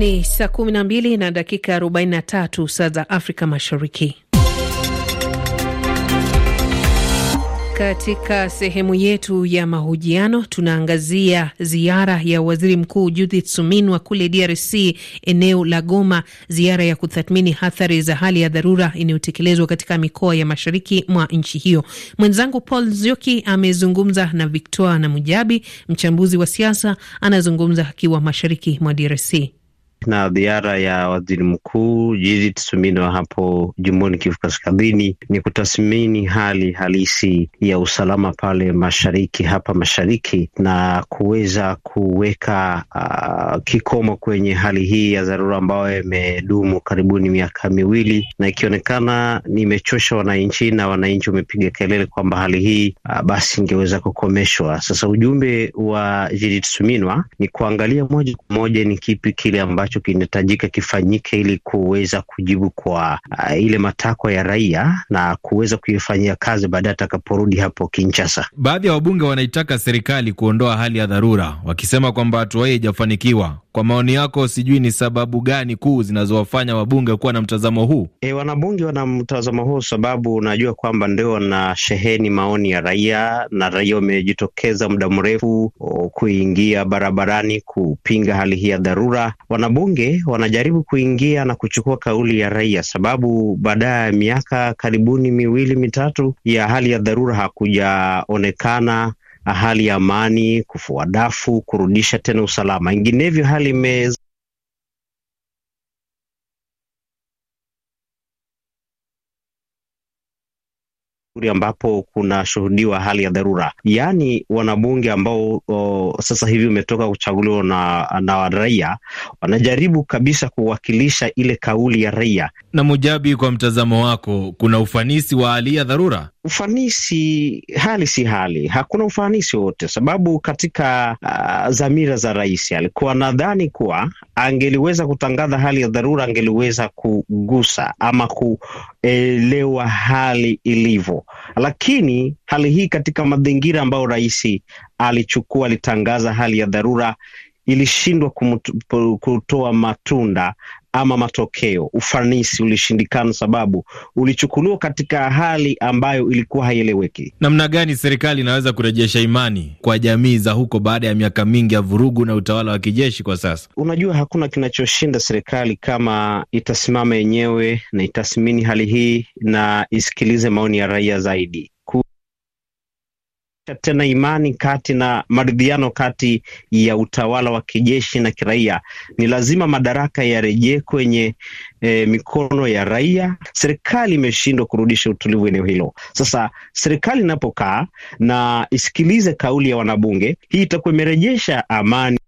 Ni saa 12 na dakika 43 saa za Afrika Mashariki. Katika sehemu yetu ya mahojiano tunaangazia ziara ya waziri mkuu Judith Suminwa kule DRC, eneo la Goma, ziara ya kutathmini athari za hali ya dharura inayotekelezwa katika mikoa ya mashariki mwa nchi hiyo. Mwenzangu Paul Zioki amezungumza na Victoria na Mujabi, mchambuzi wa siasa, anazungumza akiwa mashariki mwa DRC na ziara ya waziri mkuu Judith Suminwa hapo jimboni Kivu Kaskazini ni kutathmini hali halisi ya usalama pale mashariki, hapa mashariki, na kuweza kuweka uh, kikomo kwenye hali hii ya dharura ambayo imedumu karibuni miaka miwili na ikionekana nimechosha wananchi na wananchi wamepiga kelele kwamba hali hii uh, basi ingeweza kukomeshwa. Sasa ujumbe wa Judith Suminwa ni kuangalia moja kwa moja ni kipi kile ambacho ambacho kinahitajika kifanyike ili kuweza kujibu kwa uh, ile matakwa ya raia na kuweza kuifanyia kazi baadaye atakaporudi hapo Kinshasa. Baadhi ya wabunge wanaitaka serikali kuondoa hali ya dharura, wakisema kwamba hatua hii haijafanikiwa. Kwa maoni yako, sijui ni sababu gani kuu zinazowafanya wabunge kuwa na mtazamo huu? E, wanabunge wana mtazamo huu sababu unajua kwamba ndio wanasheheni maoni ya raia, na raia wamejitokeza muda mrefu kuingia barabarani kupinga hali hii ya dharura. Wanabunge wanajaribu kuingia na kuchukua kauli ya raia, sababu baada ya miaka karibuni miwili mitatu ya hali ya dharura hakujaonekana hali ya amani, kufua dafu, kurudisha tena usalama. Inginevyo hali ime ambapo kunashuhudiwa hali ya dharura, yaani wanabunge ambao o, sasa hivi umetoka kuchaguliwa na, na raia wanajaribu kabisa kuwakilisha ile kauli ya raia. Na Mujabi, kwa mtazamo wako, kuna ufanisi wa hali ya dharura? ufanisi hali si hali, hakuna ufanisi wowote, sababu katika uh, za rais alikuwa nadhani kuwa angeliweza kutangaza hali ya dharura, angeliweza kugusa ama kuelewa hali ilivyo, lakini hali hii katika mazingira ambayo rais alichukua, alitangaza hali ya dharura ilishindwa kutoa matunda ama matokeo. Ufanisi ulishindikana, sababu ulichukuliwa katika hali ambayo ilikuwa haieleweki. Namna gani serikali inaweza kurejesha imani kwa jamii za huko baada ya miaka mingi ya vurugu na utawala wa kijeshi kwa sasa? Unajua, hakuna kinachoshinda serikali kama itasimama yenyewe na itasimini hali hii na isikilize maoni ya raia zaidi tena imani kati na maridhiano kati ya utawala wa kijeshi na kiraia. Ni lazima madaraka yarejee kwenye e, mikono ya raia. Serikali imeshindwa kurudisha utulivu eneo hilo. Sasa serikali inapokaa na isikilize kauli ya wanabunge, hii itakuwa imerejesha amani.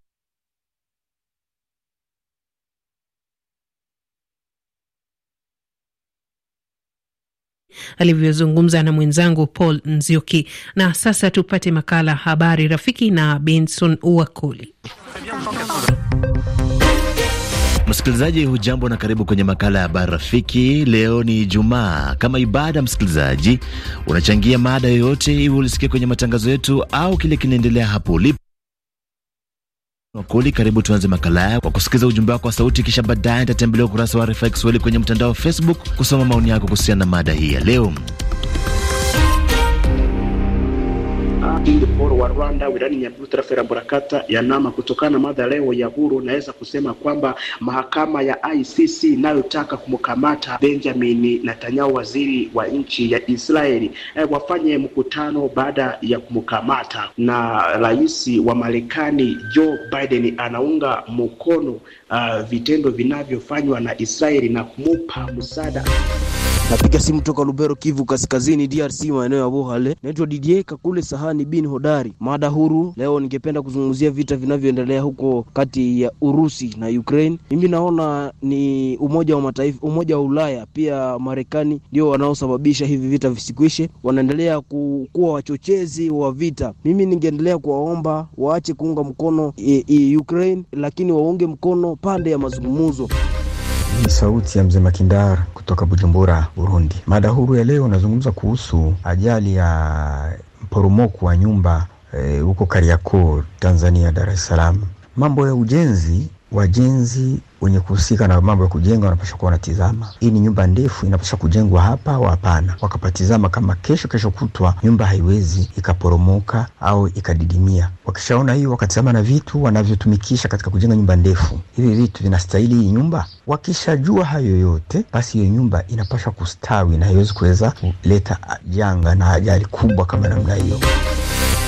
alivyozungumza na mwenzangu Paul Nzioki. Na sasa tupate makala Habari Rafiki na Benson Wakoli. Msikilizaji hujambo na karibu kwenye makala ya habari rafiki. Leo ni Ijumaa. Kama ibada, msikilizaji, unachangia mada yoyote, iwe ulisikia kwenye matangazo yetu au kile kinaendelea hapo ulipo Wakoli, karibu tuanze makala haya kwa kusikiza ujumbe wako wa sauti, kisha baadaye nitatembelea ukurasa wa RFI Kiswahili kwenye mtandao wa Facebook kusoma maoni yako kuhusiana na mada hii ya leo. Mbunge Paul wa Rwanda wilani Nyaruguru tarafa la Mborakata ya Nama. Kutokana na mada leo ya huru, naweza kusema kwamba mahakama ya ICC inayotaka kumkamata Benjamin Netanyahu, waziri wa nchi ya Israeli, eh, wafanye mkutano baada ya kumkamata. Na rais wa Marekani Joe Biden anaunga mkono uh, vitendo vinavyofanywa na Israeli na kumupa msaada Napiga simu toka Lubero, Kivu Kaskazini, DRC, maeneo ya Buhale. Naitwa Didier Kakule Sahani bin Hodari. Mada huru leo, ningependa kuzungumzia vita vinavyoendelea huko kati ya Urusi na Ukraine. Mimi naona ni Umoja wa Mataifa, Umoja wa Ulaya pia Marekani ndio wanaosababisha hivi vita visikwishe, wanaendelea kuwa wachochezi wa vita. Mimi ningeendelea kuwaomba waache kuunga mkono e, e Ukraine, lakini waunge mkono pande ya mazungumzo. Ni sauti ya mzee Makindar kutoka Bujumbura, Burundi. Mada huru ya leo unazungumza kuhusu ajali ya mporomoko wa nyumba eh, huko e, Kariakoo, Tanzania, Dar es Salaam. Mambo ya ujenzi, wajenzi wenye kuhusika na mambo ya kujenga wanapaswa kuwa wanatizama, hii ni nyumba ndefu inapaswa kujengwa hapa au hapana, wakapatizama kama kesho kesho kutwa nyumba haiwezi ikaporomoka au ikadidimia. Wakishaona hiyo, wakatizama na vitu wanavyotumikisha katika kujenga nyumba ndefu, hivi vitu vinastahili hii nyumba. Wakishajua hayo yote, basi hiyo nyumba inapaswa kustawi na haiwezi kuweza kuleta janga na ajali kubwa kama namna hiyo.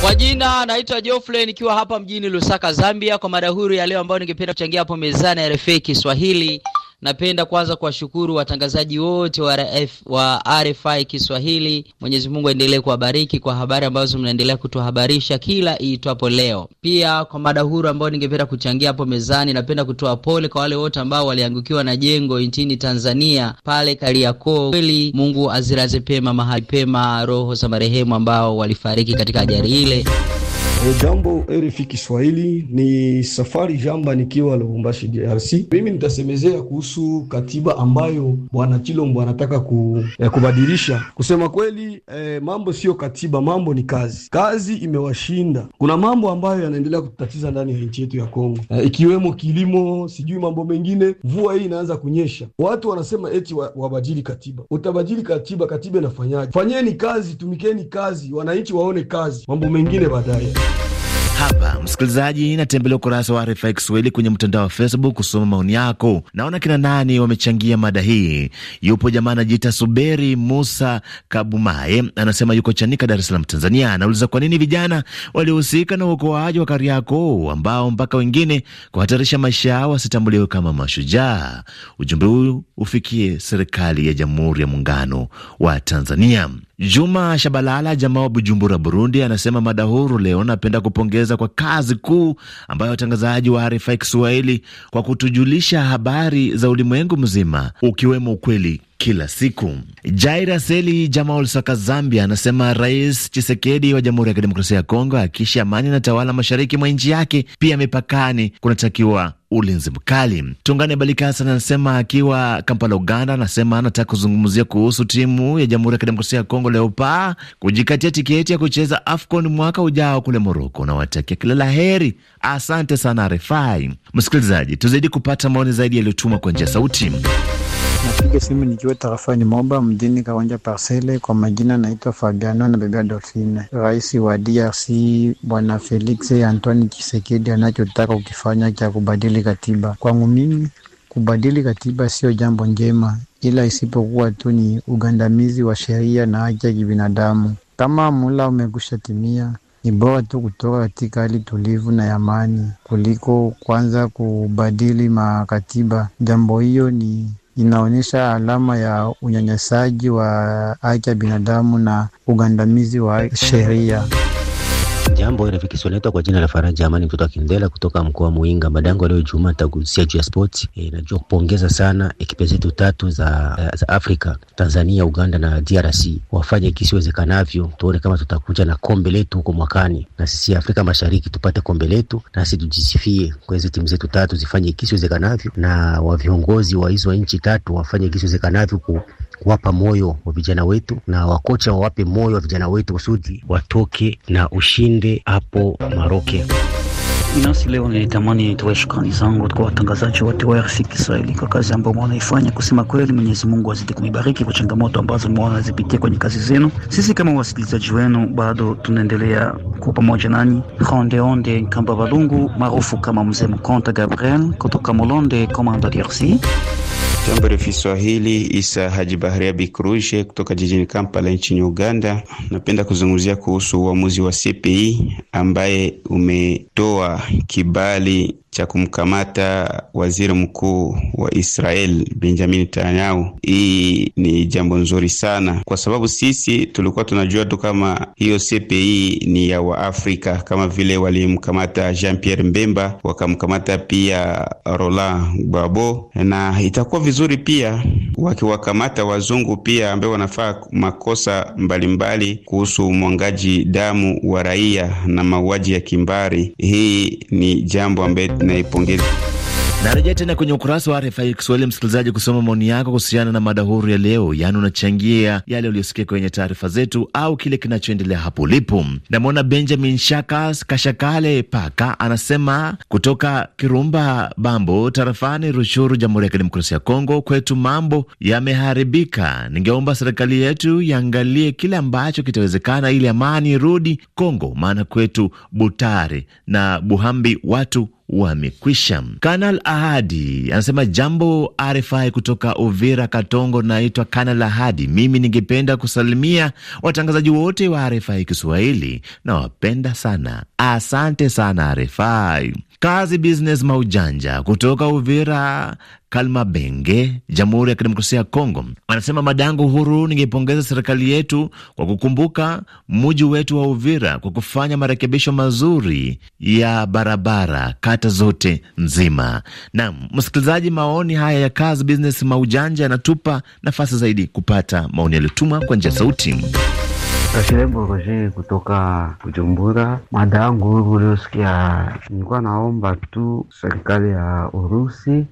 Kwa jina naitwa Geoffrey nikiwa hapa mjini Lusaka, Zambia, kwa mada huru ya leo ambayo ningependa kuchangia hapo mezani ya RFI Kiswahili. Napenda kwanza kuwashukuru watangazaji wote wa, RF, wa RFI Kiswahili. Mwenyezi Mungu aendelee kuwabariki kwa habari ambazo mnaendelea kutuhabarisha kila iitwapo leo. Pia kwa mada huru ambayo ningependa kuchangia hapo mezani, napenda kutoa pole kwa wale wote ambao waliangukiwa na jengo nchini Tanzania pale Kariakoo. Kweli Mungu azilaze pema mahali pema roho za marehemu ambao walifariki katika ajali ile. Eh, jambo RFI Kiswahili, ni safari jamba nikiwa Lubumbashi, DRC. Mimi nitasemezea kuhusu katiba ambayo bwana Chilombo anataka ku, eh, kubadilisha. Kusema kweli, eh, mambo siyo katiba, mambo ni kazi. Kazi imewashinda. Kuna mambo ambayo yanaendelea kutatiza ndani ya nchi yetu ya Kongo, eh, ikiwemo kilimo, sijui mambo mengine. Mvua hii inaanza kunyesha, watu wanasema eti wa, katiba. Utabadili katiba? Katiba inafanyaje? Fanyeni kazi, tumikeni kazi, wananchi waone kazi, mambo mengine baadaye. Hapa msikilizaji, natembelea ukurasa wa RFI Kiswahili kwenye mtandao wa Facebook kusoma maoni yako. Naona kina nani wamechangia mada hii. Yupo jamaa anajiita Suberi Musa kabumae anasema yuko Chanika, Dar es Salaam, Tanzania. Anauliza kwa nini vijana waliohusika na uokoaji wa Kariakoo ambao mpaka wengine kuhatarisha maisha yao wasitambuliwe kama mashujaa. Ujumbe huu ufikie serikali ya Jamhuri ya Muungano wa Tanzania. Juma Shabalala, jamaa wa Bujumbura, Burundi, anasema mada huru leo, napenda kupongeza kwa kazi kuu ambayo watangazaji wa RFI Kiswahili kwa kutujulisha habari za ulimwengu mzima, ukiwemo ukweli kila siku. Jaira Seli Jamaul Saka Zambia anasema Rais Chisekedi wa Jamhuri ya Kidemokrasia ya Kongo akisha amani na tawala mashariki mwa nchi yake, pia mipakani kunatakiwa ulinzi mkali. Tungane Balikasa anasema akiwa Kampala, Uganda, anasema anataka kuzungumzia kuhusu timu ya Jamhuri ya Kidemokrasia ya Kongo leopaa kujikatia tiketi ya kucheza AFCON mwaka ujao kule Moroko. Nawatakia kila la heri. Asante sana Refai. Msikilizaji, tuzidi kupata maoni zaidi yaliyotumwa kwa njia sauti. Napiga simu nikiwa tarafani Moba mjini Kawanja Parcele. Kwa majina naitwa Fabiano na bebea Dolfine. Rais wa DRC Bwana Felix Antoine chisekedi anachotaka ukifanya cha kubadili katiba, kwangu mimi kubadili katiba sio jambo njema, ila isipokuwa tu ni ugandamizi wa sheria na haki ya kibinadamu. Kama mula umekusha timia, ni bora tu kutoka katika hali tulivu na yamani kuliko kwanza kubadili makatiba. Jambo hiyo ni inaonyesha alama ya unyanyasaji wa haki ya binadamu na ugandamizi wa sheria. Jambo hili vikisoletwa kwa jina la Faraja Amani kutoka Kindela kutoka mkoa wa Muinga. Madango leo Ijumaa tagusia juu ya sports. E, najua kupongeza sana ekipe zetu tatu za, eh, za Afrika, Tanzania, Uganda na DRC. Wafanye kisiwezekanavyo tuone kama tutakuja na kombe letu huko mwakani. Na sisi Afrika Mashariki tupate kombe letu nasi tujisifie kwa hizo timu zetu tatu zifanye kisiwezekanavyo na wa viongozi wa hizo nchi tatu wafanye kisiwezekanavyo kuwapa moyo wa vijana wetu, na wakocha wawape moyo wa vijana wetu kusudi watoke na ushinde hapo Maroke. Binafsi leo nilitamani nitoe shukrani zangu kwa watangazaji wote wa RFI Kiswahili kwa kazi ambayo mwanaifanya. Kusema kweli, Mwenyezi Mungu azidi kunibariki kwa changamoto ambazo mwanazipitia kwenye kazi zenu. Sisi kama wasikilizaji wenu bado tunaendelea kuwa pamoja nanyi. Rondeonde Kamba Balungu maarufu kama Mzee Mkonta Gabriel kutoka Molonde, komanda DRC. Jambo refu Swahili, Isa Haji Baharia Bikrushe kutoka jijini Kampala nchini Uganda. Napenda kuzungumzia kuhusu uamuzi wa CPI e ambaye umetoa kibali cha kumkamata waziri mkuu wa Israel Benjamin Netanyahu. Hii ni jambo nzuri sana, kwa sababu sisi tulikuwa tunajua tu kama hiyo CPI e ni ya Waafrika, kama vile walimkamata Jean Pierre Mbemba, wakamkamata pia Roland Gbabo, na itakuwa vizuri pia wakiwakamata wazungu pia ambao wanafaa makosa mbalimbali mbali kuhusu mwangaji damu wa raia na mauaji ya kimbari. Hii ni jambo ambayo naipongeza. Narejea tena kwenye ukurasa wa RFI Kiswahili, msikilizaji, kusoma maoni yako kuhusiana na mada huru ya leo, yaani unachangia yale uliosikia kwenye taarifa zetu au kile kinachoendelea hapo ulipo. Namwona Benjamin Shakas Kashakale Paka anasema kutoka Kirumba Bambo, tarafani Rushuru, Jamhuri ya Kidemokrasia ya Kongo, kwetu mambo yameharibika. Ningeomba serikali yetu iangalie kile ambacho kitawezekana ili amani irudi Kongo, maana kwetu Butare na Buhambi watu wamekwisha. Kanal Ahadi anasema jambo RFI kutoka Uvira Katongo, naitwa Kanal Ahadi. Mimi ningependa kusalimia watangazaji wote wa RFI Kiswahili, nawapenda sana. Asante sana RFI. Kazi Business Maujanja kutoka Uvira Kalmabenge, Jamhuri ya Kidemokrasia ya Kongo, anasema mada yangu huru, ningeipongeza serikali yetu kwa kukumbuka muji wetu wa Uvira kwa kufanya marekebisho mazuri ya barabara kata zote nzima. Naam, msikilizaji, maoni haya ya Kazi Business Maujanja yanatupa nafasi zaidi kupata maoni yaliyotumwa kwa njia sauti. Kashirembo Roje kutoka Bujumbura. Mada yangu huru liosikia, nilikuwa naomba tu serikali ya Urusi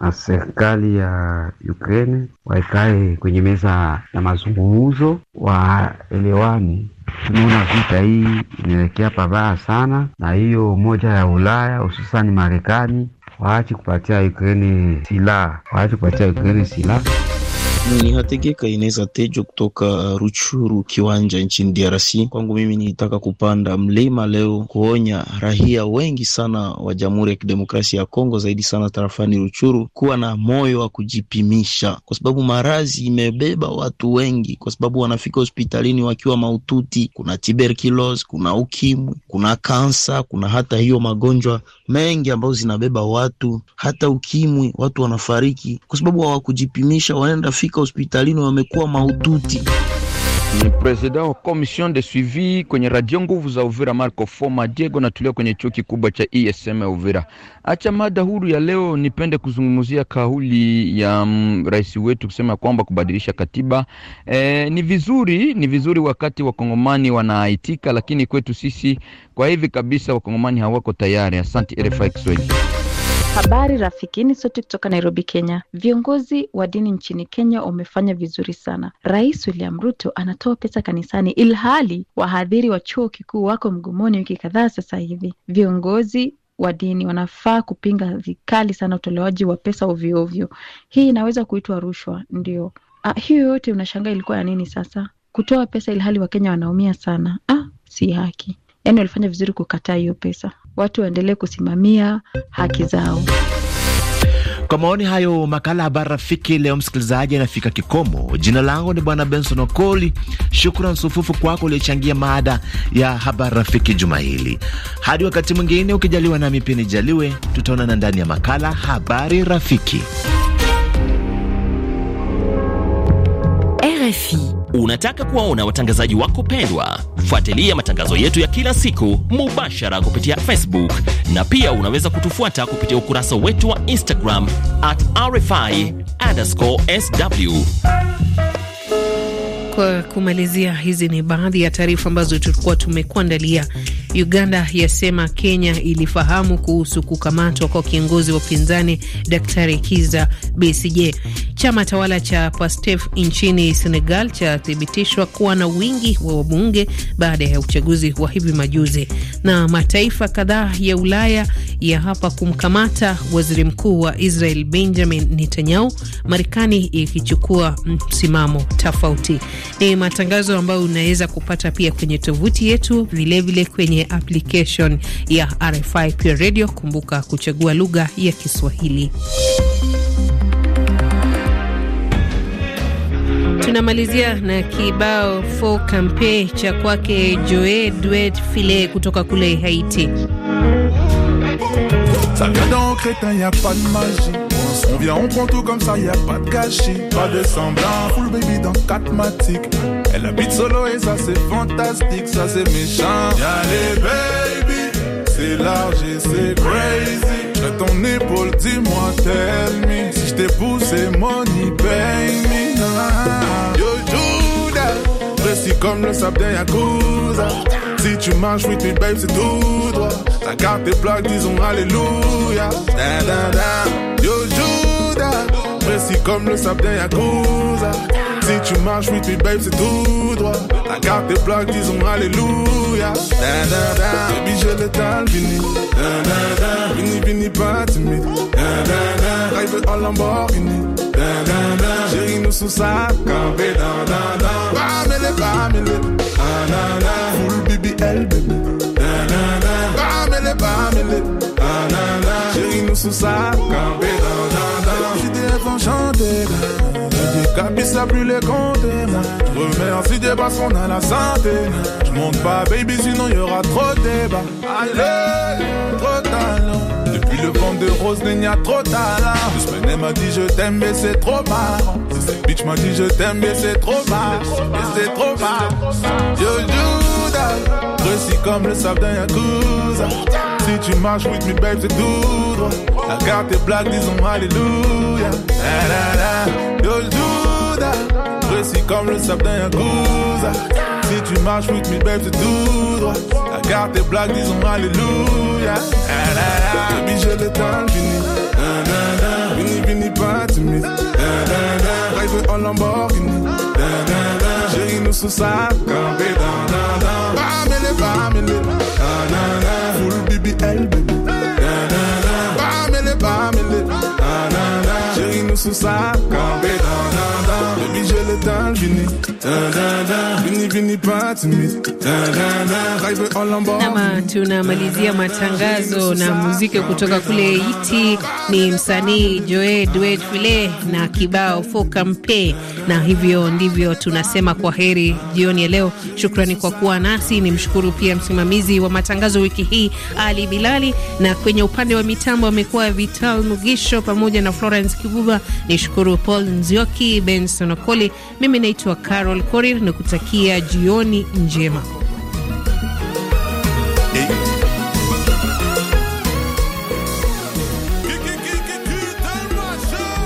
na serikali ya Ukraine waikae kwenye meza ya mazungumzo, waelewani. Tunaona vita hii inaelekea pabaya sana, na hiyo moja ya Ulaya hususani Marekani waache kupatia Ukraine silaha, waache kupatia Ukraine silaha. Nihategeka Ineza Tejo kutoka uh, Ruchuru kiwanja nchini DRC. Kwangu mimi nitaka kupanda mlima leo kuonya rahia wengi sana wa Jamhuri ya Kidemokrasia ya Kongo, zaidi sana tarafani Ruchuru, kuwa na moyo wa kujipimisha, kwa sababu marazi imebeba watu wengi, kwa sababu wanafika hospitalini wakiwa maututi. Kuna tuberculosis, kuna ukimwi, kuna kansa, kuna hata hiyo magonjwa mengi ambayo zinabeba watu, hata ukimwi, watu wanafariki kwa sababu hawakujipimisha, wanaenda fika waliofika hospitalini wamekuwa mahututi. Ni presida wa komision de suivi kwenye radio nguvu za Uvira, Marco Foma Diego, natulia kwenye chuo kikubwa cha ESM ya Uvira. Acha mada huru ya leo, nipende kuzungumzia kauli ya mm, rais wetu kusema kwamba kubadilisha katiba e, ni vizuri, ni vizuri wakati wakongomani wanaitika, lakini kwetu sisi kwa hivi kabisa wakongomani hawako tayari. Asante RFI Kiswahili. Habari rafiki, ni sote kutoka Nairobi, Kenya. Viongozi wa dini nchini Kenya wamefanya vizuri sana. Rais William Ruto anatoa pesa kanisani, ilhali wahadhiri wa chuo kikuu wako mgomoni wiki kadhaa sasa hivi. Viongozi wa dini wanafaa kupinga vikali sana utolewaji wa pesa ovyoovyo. Hii inaweza kuitwa rushwa, ndio. Ah, hiyo yote unashangaa ilikuwa ya nini sasa? Kutoa pesa ilhali Wakenya wanaumia sana. Ah, si haki. Yaani walifanya vizuri kukataa hiyo pesa watu waendelee kusimamia haki zao. Kwa maoni hayo, makala Habari Rafiki leo msikilizaji anafika kikomo. Jina langu ni Bwana Benson Okoli. Shukran sufufu kwako uliochangia maada ya Habari Rafiki juma hili. Hadi wakati mwingine, ukijaliwa nami pia nijaliwe, tutaonana ndani ya makala Habari Rafiki RFI. Unataka kuwaona watangazaji wako pendwa? Fuatilia matangazo yetu ya kila siku mubashara kupitia Facebook na pia unaweza kutufuata kupitia ukurasa wetu wa Instagram at RFI underscore sw. Kwa kumalizia, hizi ni baadhi ya taarifa ambazo tulikuwa tumekuandalia. Uganda yasema Kenya ilifahamu kuhusu kukamatwa kwa kiongozi wa upinzani Daktari Kiza Besigye. Chama tawala cha Pastef nchini Senegal chathibitishwa kuwa na wingi wa wabunge baada ya uchaguzi wa hivi majuzi, na mataifa kadhaa ya Ulaya ya hapa kumkamata waziri mkuu wa Israel Benjamin Netanyahu, Marekani ikichukua msimamo tofauti. Ni matangazo ambayo unaweza kupata pia kwenye tovuti yetu, vilevile vile kwenye application ya RFI Pure Radio. Kumbuka kuchagua lugha ya Kiswahili. Tunamalizia na kibao fo kampe cha kwake Joe Duet File kutoka kule Haiti. Ça vient dans crétin, y a pas de magie. On vient, on prend tout comme ça, y a pas de gâchis. Pas de semblant, full baby dans 4 matiques. Elle habite solo et ça c'est fantastique, ça c'est méchant. Y'a les baby, c'est large et c'est crazy. J'ai ton épaule, dis-moi, tell me. Si je t'ai poussé, money, baby comme le sable d'un Yakuza. Si tu marches, with me, babe, c'est tout droit. La carte des plaques, disons Alléluia. da, da. Yo, Juda. Précis comme le sable d'un Yakuza. Si tu marches, with me, babe, c'est tout droit. La carte des plaques, disons Alléluia. Da, da, da. Baby, j'ai le vini. Vini, vini, pas timide. Drive en Chéri nou sou sa Kampe dan dan dan Pamele pamele Full BBL bebe Pamele pamele Chéri nou sou dans dans dan dan dan JDF enchanté Capis a plus les Je Remercie des bassons à la santé. Je monte pas, baby, sinon y aura trop de débats. Allez! de rose, n'y a trop tard. Douce m'a dit je t'aime, mais c'est trop marrant. Bitch m'a dit je t'aime, mais c'est trop marrant. Mais c'est trop marrant. Yo, Judas, précis comme le sable d'un Yakuza. Si tu marches with me, babe, c'est tout droit. La carte tes blagues, disons Alléluia. La, Yo, Judas, précis comme le sable d'un Yakuza. Si tu marches with me, babe, c'est tout droit. La carte tes blagues, disons Alléluia. time, Vinny. Da, Vinny, Vinny, pas timide. Da, Lamborghini. Da, nous sous ça, campé. Da, da, da. Pamele, Full BBL, baby. Da, da, da. nous sous ça, campé. Da, da, Baby, j'ai le temps, Nama tunamalizia matangazo na muziki kutoka kule Haiti. Ni msanii Joe Duet File na kibao kampe, na hivyo ndivyo tunasema kwa heri jioni ya leo. Shukrani kwa kuwa nasi. Ni mshukuru pia msimamizi wa matangazo wiki hii Ali Bilali, na kwenye upande wa mitambo amekuwa Vital Mugisho pamoja na Florence Kibuba. Ni shukuru Paul Nzioki, Benson Okoli. Mimi naitwa Karo Carol Korir na kutakia jioni njema.